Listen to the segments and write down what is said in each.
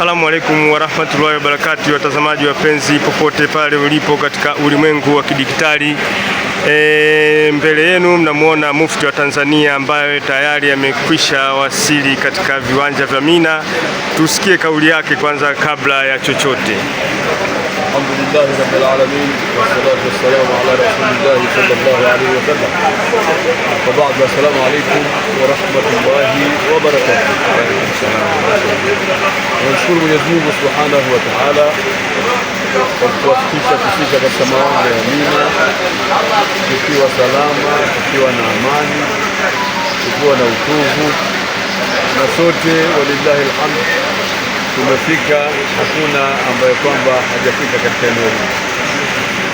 Assalamu alaikum warahmatullahi wabarakatuh, watazamaji wapenzi popote pale ulipo katika ulimwengu wa kidijitali. E, mbele yenu mnamwona mufti wa Tanzania ambaye tayari amekwisha wasili katika viwanja vya Mina. Tusikie kauli yake kwanza kabla ya chochote. Alhamdulillah rabbil alamin wassalatu wassalamu ala rasulillah sallallahu alayhi wa sallam wa ba'd. Assalamu rahmatullahi wa barakatuh. Tunamshukuru Mwenyezi Mungu Subhanahu wa Ta'ala kwa kutufikisha kufika katika maombi ya Mina tukiwa salama, tukiwa na amani, tukiwa na utuvu, na sote walillahi alhamd, tumefika. Hakuna ambaye kwamba hajafika katika eneo hili.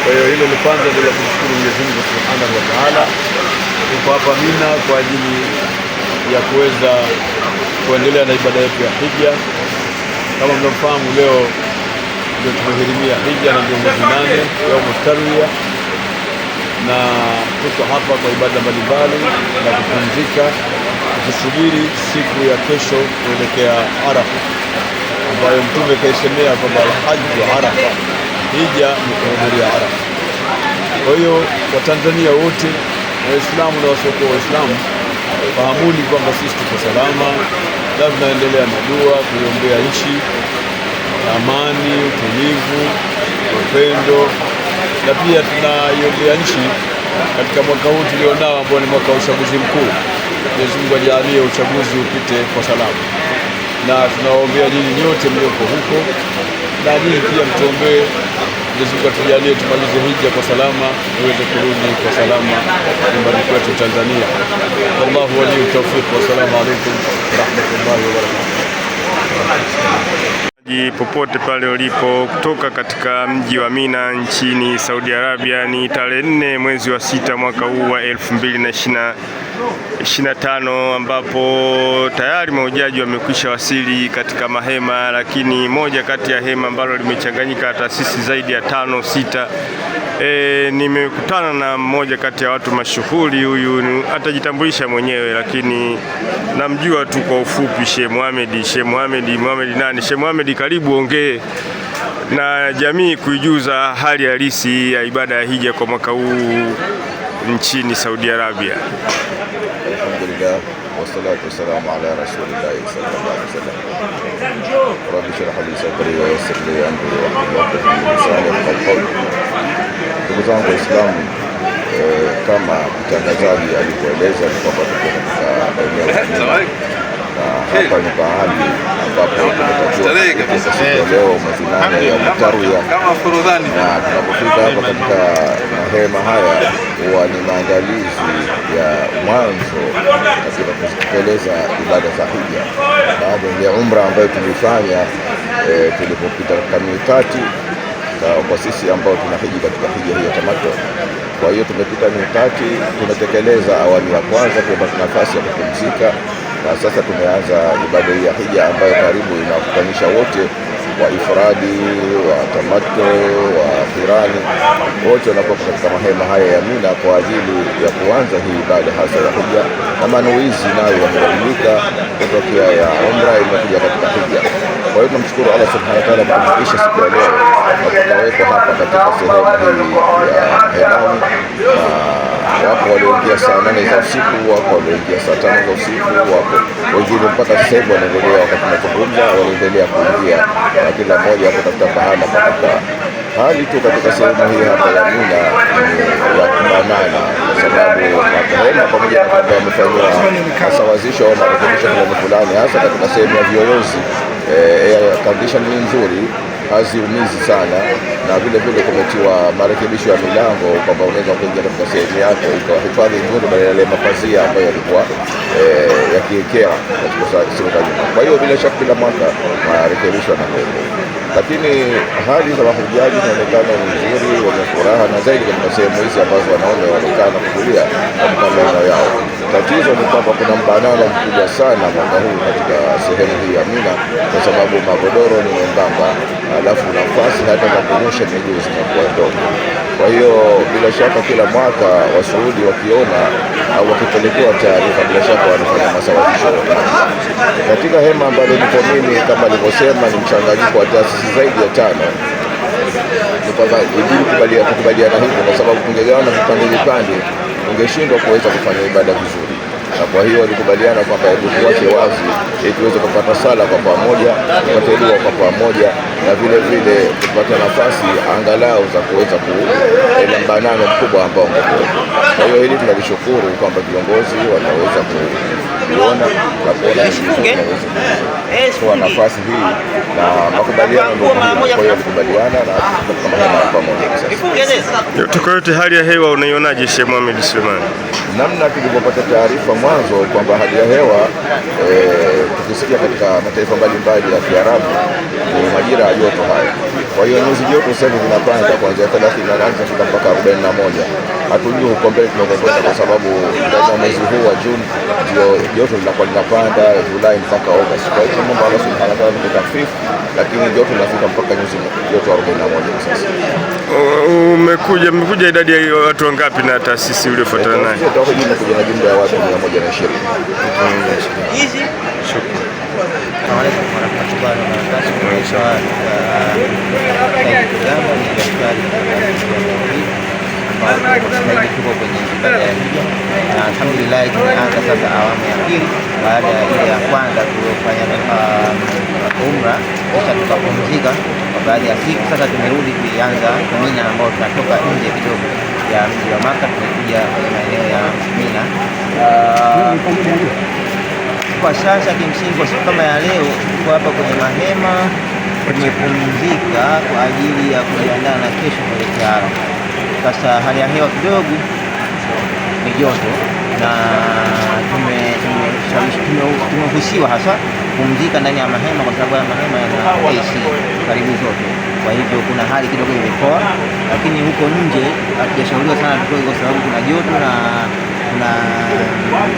Kwa hiyo hilo ni kwanza bila kumshukuru Mwenyezi Mungu Subhanahu wa Ta'ala. Tuko hapa Mina kwa ajili ya kuweza kuendelea na ibada yetu ya hija. Kama mnavyofahamu, leo ndio tumehirimia hija na viongozi nane yaumustarwia, na tuko hapa kwa ibada mbalimbali na kupumzika, tukisubiri siku ya kesho kuelekea Arafa ambayo Mtume kaisemea kwamba wa Arafa, hija ni kuhudhuria Arafa. Kwa hiyo Watanzania wote Waislamu na wasiokuwa Waislamu fahamuni kwamba sisi tuko salama na tunaendelea na dua kuiombea nchi amani, utulivu, upendo na pia tunaiombea nchi katika mwaka huu tulionao ambao ni mwaka wa uchaguzi mkuu. Mwenyezi Mungu ajalie uchaguzi upite kwa salama, na tunawaombea nyinyi nyote mlioko huko na nyinyi pia mtuombee. Mwenyezi Mungu atujalie tumalize hija kwa salama, tuweze kurudi kwa salama nyumbani kwetu Tanzania. Wallahu waliyu tawfiq. Wassalamu alaikum warahmatullahi wabarakatuh. Popote pale ulipo kutoka katika mji wa Mina nchini Saudi Arabia, ni tarehe nne mwezi wa sita mwaka huu wa 2025 ambapo tayari mahujaji wamekwisha wasili katika mahema, lakini moja kati ya hema ambalo limechanganyika taasisi zaidi ya tano sita. E, nimekutana na mmoja kati ya watu mashuhuri. Huyu atajitambulisha mwenyewe, lakini namjua tu kwa ufupi, Sheikh Mohamed. Sheikh Mohamed, Mohamed nani? Sheikh Mohamed karibu ongee na jamii kuijuza hali halisi ya ibada ya hija kwa mwaka huu nchini Saudi Arabia. Alhamdulillah wassalatu wassalamu ala sallallahu alaihi wasallam. Rabbi shrah li sadri wa yassir li amri Ndugu zangu Waislamu, eh, kama mtangazaji alivyoeleza ni kwamba tuko katika eneo na hapa ni pahali ambapo za siku leo mwezi nane ya Tarwiyah, na tunapofika hapa katika mahema haya huwa ni maandalizi ya mwanzo katika kutekeleza ibada za hija. Baada ya umra ambayo tulifanya e, tulipopita katika mikati kwa sisi ambao tunahiji katika hija hii ya tamato. Kwa hiyo tumepita mikati, tumetekeleza awamu ya kwanza, tunapata nafasi ya kupumzika na sasa tumeanza ibada hii ya hija ambayo karibu inakutanisha wote wa ifradi wa tamato wa firani wote wanakuwa katika mahema haya ya Mina kwa ajili ya kuanza hii ibada hasa ya hija, na manuizi nayo yamebadilika kutokea ya umra imekuja katika hija. Kwa hiyo tunamshukuru Allah subhanahu wa taala kwa kuisha siku ya leo na tukawekwa hapa katika sehemu hii ya Hemani, na wako walioingia saa nane za usiku, wako walioingia saa tano za usiku, wako wengine mpaka sasa hivi wanaendelea, wakati tunazungumza wanaendelea kuingia, na kila mmoja hapo katika bahana katika hali tu katika sehemu hii hapa ya Mina ya kubanana, kwa sababu mahema pamoja na kwamba wamefanyiwa wazisho au marekebisho fulani fulani, hasa katika sehemu ya viyoyozi eh, Condition ni nzuri haziumizi sana, na vile vile kumetiwa marekebisho ya milango kwamba unaweza kuingia katika sehemu yako hifadhi nzuri, badala ya mapazia ambayo yalikuwa eh, yakiekea katika siku za nyuma. Kwa hiyo bila shaka kila mwaka marekebisho yanakuwepo, lakini hali za mahujaji zinaonekana nzuri, wenye furaha na zaidi katika sehemu hizi ambazo wanaume wamekaa na kutulia katika maeneo yao. Tatizo ni kwamba kuna mbanana mkubwa sana mwaka huu katika sehemu hii ya Mina kwa sababu magodoro ni membamba alafu nafasi hata za kuonyesha miguu zinakuwa ndogo. Kwa hiyo bila shaka kila mwaka Wasuudi wakiona au wakipelekewa taarifa, bila shaka wanafanya masawazisho katika hema ambalo niko mimi. Kama nilivyosema, ni mchanganyiko wa taasisi zaidi ya tano ni kwamba ibidi kukubaliana hivyo, kwa sababu kungegawana vipande vipande, ungeshindwa kuweza kufanya ibada vizuri na kwa hiyo walikubaliana kwamba hebu tuwache wazi ili tuweze kupata sala kwa pamoja, tupate dua kwa pamoja, na vile vile tupate nafasi angalau za kuweza kuela eh, mbanano mkubwa ambao ungekuwepo. Kwa hiyo hili tunalishukuru kwamba viongozi wanaweza kuona na kuona kwa nafasi hii na makubaliano ndio. Kwa hiyo walikubaliana na pamoja. Tuko yote, hali ya hewa unaionaje, Sheikh Mohamed Suleiman? namna tulivyopata taarifa mwanzo kwamba hali ya hewa eh, tukisikia katika mataifa mbalimbali ya Kiarabu ni majira ya joto haya. Kwa hiyo nyuzi joto sasa hivi zinapanda kuanzia na 38 mpaka 41 hatujui huko mbele tunakokwenda, kwa sababu ndani ya mwezi huu wa Juni ndio joto linakuwa linapanda Julai mpaka Agosti. Kwa hiyo mambo ambayo subhanallah ni kafifu, lakini joto linafika mpaka nyuzi joto 41 sasa. Uh, umekuja mmekuja idadi ya watu wangapi na taasisi uliofuatana naye? Tumekuja na jumla ya watu 120. Hizi shukrani. Assalamualaikum ambayo kwenye ya hija, na alhamdulillah tumeanza sasa awamu ya pili baada ya ile ya kwanza tuliofanya umra, kisha tukapumzika kwa baadhi ya siku. Sasa tumerudi kuianza Mina, ambao tunatoka nje kidogo ya mji wa Maka, tumekuja kwenye maeneo ya Mina. Kwa sasa kimsingi, kwa siku kama ya leo tuko hapa kwenye mahema tumepumzika kwa ajili ya kujiandaa na kesho kuelekea Arafa. Sasa hali ya hewa kidogo ni joto, na tumehusiwa hasa kupumzika ndani ya mahema, kwa sababu ya mahema yana AC karibu zote. Kwa hivyo kuna hali kidogo imepoa, lakini huko nje hatujashauriwa sana tutoke, kwa sababu kuna joto na kuna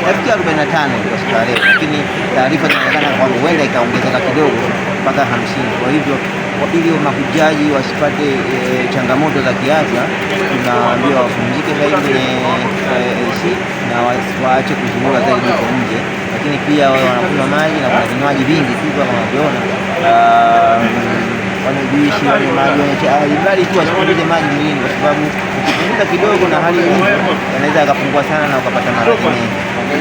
inafikia 45 kwa siku ya leo, lakini taarifa zinaonekana kwamba huenda ikaongezeka kidogo mpaka hamsini. Kwa hivyo ili mahujaji wasipate e, changamoto za kiafya, tunaambia wapumzike zaidi kwenye eh, eh, AC na waache kuzunguka zaidi huko nje, lakini pia wao wanakunywa maji na kuna vinywaji vingi tu kama wanavyoona um, wanajuishi juisi wale maji wenye chai, bali ah, tu wasipunguze maji mwilini, kwa sababu ukipunguza kidogo na hali hii anaweza akapungua sana na ukapata maradhi mengi.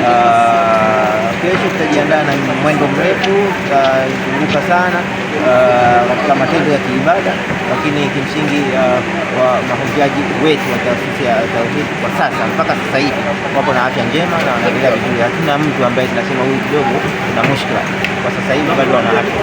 Ah, kesho tutajiandaa na mwendo mrefu, tutazunguka sana uh, katika uh, matendo ya kiibada, lakini kimsingi uh, wa mahujaji wetu wa taasisi ya Tauhid kwa sasa mpaka sasa hivi wapo na afya njema na wanaendelea vizuri. Hakuna mtu ambaye tunasema huyu kidogo na mushkila, kwa sasa hivi bado wana afya